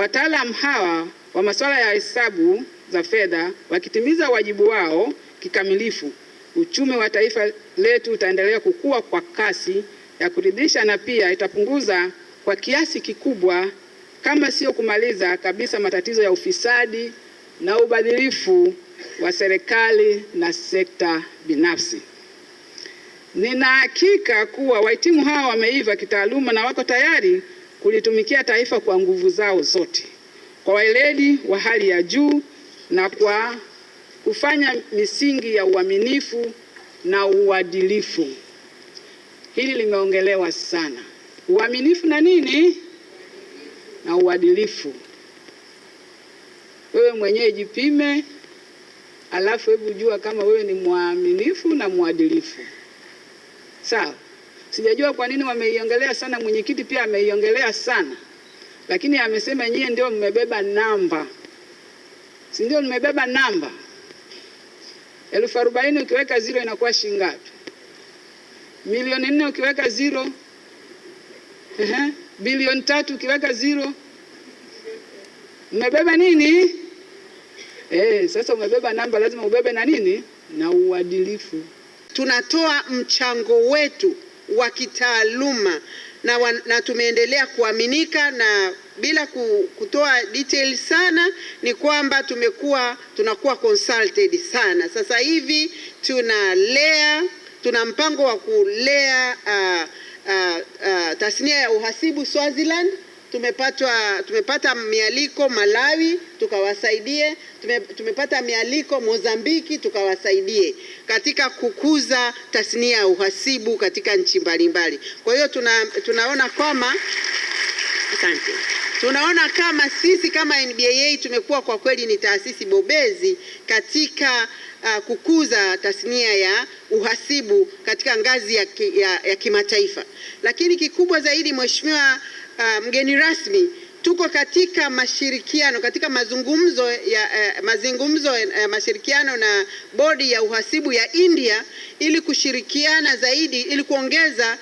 Wataalamu hawa wa masuala ya hesabu za fedha wakitimiza wajibu wao kikamilifu, uchumi wa taifa letu utaendelea kukua kwa kasi ya kuridhisha na pia itapunguza kwa kiasi kikubwa, kama sio kumaliza kabisa, matatizo ya ufisadi na ubadhirifu wa serikali na sekta binafsi. Nina hakika kuwa wahitimu hawa wameiva kitaaluma na wako tayari kulitumikia taifa kwa nguvu zao zote, kwa weledi wa hali ya juu na kwa kufanya misingi ya uaminifu na uadilifu. Hili limeongelewa sana, uaminifu na nini na uadilifu. Wewe mwenyewe jipime, alafu hebu jua kama wewe ni mwaminifu na mwadilifu, sawa? Sijajua kwa nini wameiongelea sana, mwenyekiti pia ameiongelea sana, lakini amesema nyie ndio mmebeba namba, si ndio? Mmebeba namba elfu arobaini ukiweka zero inakuwa shilingi ngapi? Milioni nne ukiweka zero ehe, bilioni tatu ukiweka zero mmebeba nini? Eh, sasa umebeba namba, lazima ubebe na nini na uadilifu. Tunatoa mchango wetu wa kitaaluma na, na tumeendelea kuaminika na bila kutoa details sana, ni kwamba tumekuwa tunakuwa consulted sana. Sasa hivi tunalea tuna mpango wa kulea uh, uh, uh, tasnia ya uhasibu Swaziland tumepatwa, tumepata mialiko Malawi tukawasaidie, tume, tumepata mialiko Mozambiki tukawasaidie katika kukuza tasnia ya uhasibu katika nchi mbalimbali. Kwa hiyo tuna, tunaona kama asante tunaona kama sisi kama NBAA tumekuwa kwa kweli ni taasisi bobezi katika uh, kukuza tasnia ya uhasibu katika ngazi ya, ki, ya, ya kimataifa. Lakini kikubwa zaidi Mheshimiwa Uh, mgeni rasmi, tuko katika mashirikiano katika mazungumzo ya uh, mazungumzo ya uh, mashirikiano na bodi ya uhasibu ya India ili kushirikiana zaidi ili kuongeza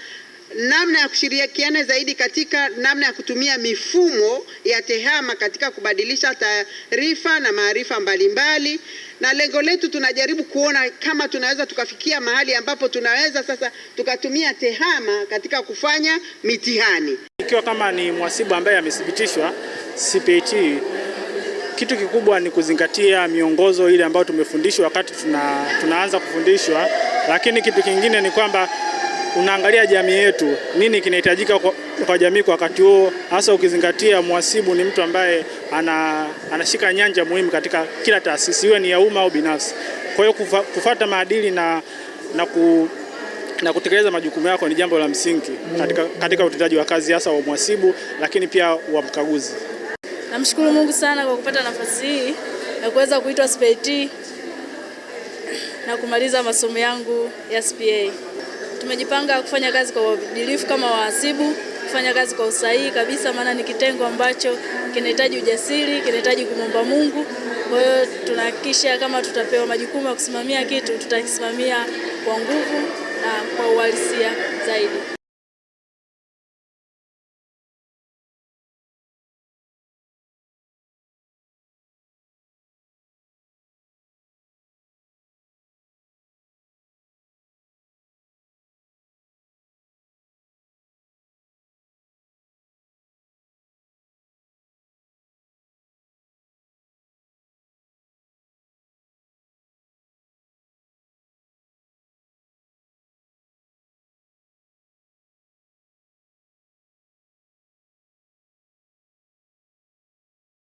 namna ya kushirikiana zaidi katika namna ya kutumia mifumo ya TEHAMA katika kubadilisha taarifa na maarifa mbalimbali, na lengo letu tunajaribu kuona kama tunaweza tukafikia mahali ambapo tunaweza sasa tukatumia TEHAMA katika kufanya mitihani ikiwa kama ni mhasibu ambaye amethibitishwa CPT, kitu kikubwa ni kuzingatia miongozo ile ambayo tumefundishwa wakati tuna, tunaanza kufundishwa. Lakini kitu kingine ni kwamba unaangalia jamii yetu, nini kinahitajika kwa, kwa jamii kwa wakati huo, hasa ukizingatia mhasibu ni mtu ambaye ana, anashika nyanja muhimu katika kila taasisi, iwe ni ya umma au binafsi. Kwa hiyo kufa, kufata maadili na, na ku na kutekeleza majukumu yako ni jambo la msingi katika, katika utendaji wa kazi hasa wa mhasibu lakini pia wa mkaguzi. Namshukuru Mungu sana kwa kupata nafasi hii na kuweza kuitwa SPAT na kumaliza masomo yangu ya SPA. Tumejipanga kufanya kazi kwa uadilifu kama wahasibu, kufanya kazi kwa usahihi kabisa, maana ni kitengo ambacho kinahitaji ujasiri, kinahitaji kumwomba Mungu. Kwa hiyo tunahakikisha kama tutapewa majukumu ya kusimamia kitu, tutakisimamia kwa nguvu na kwa uhalisia zaidi.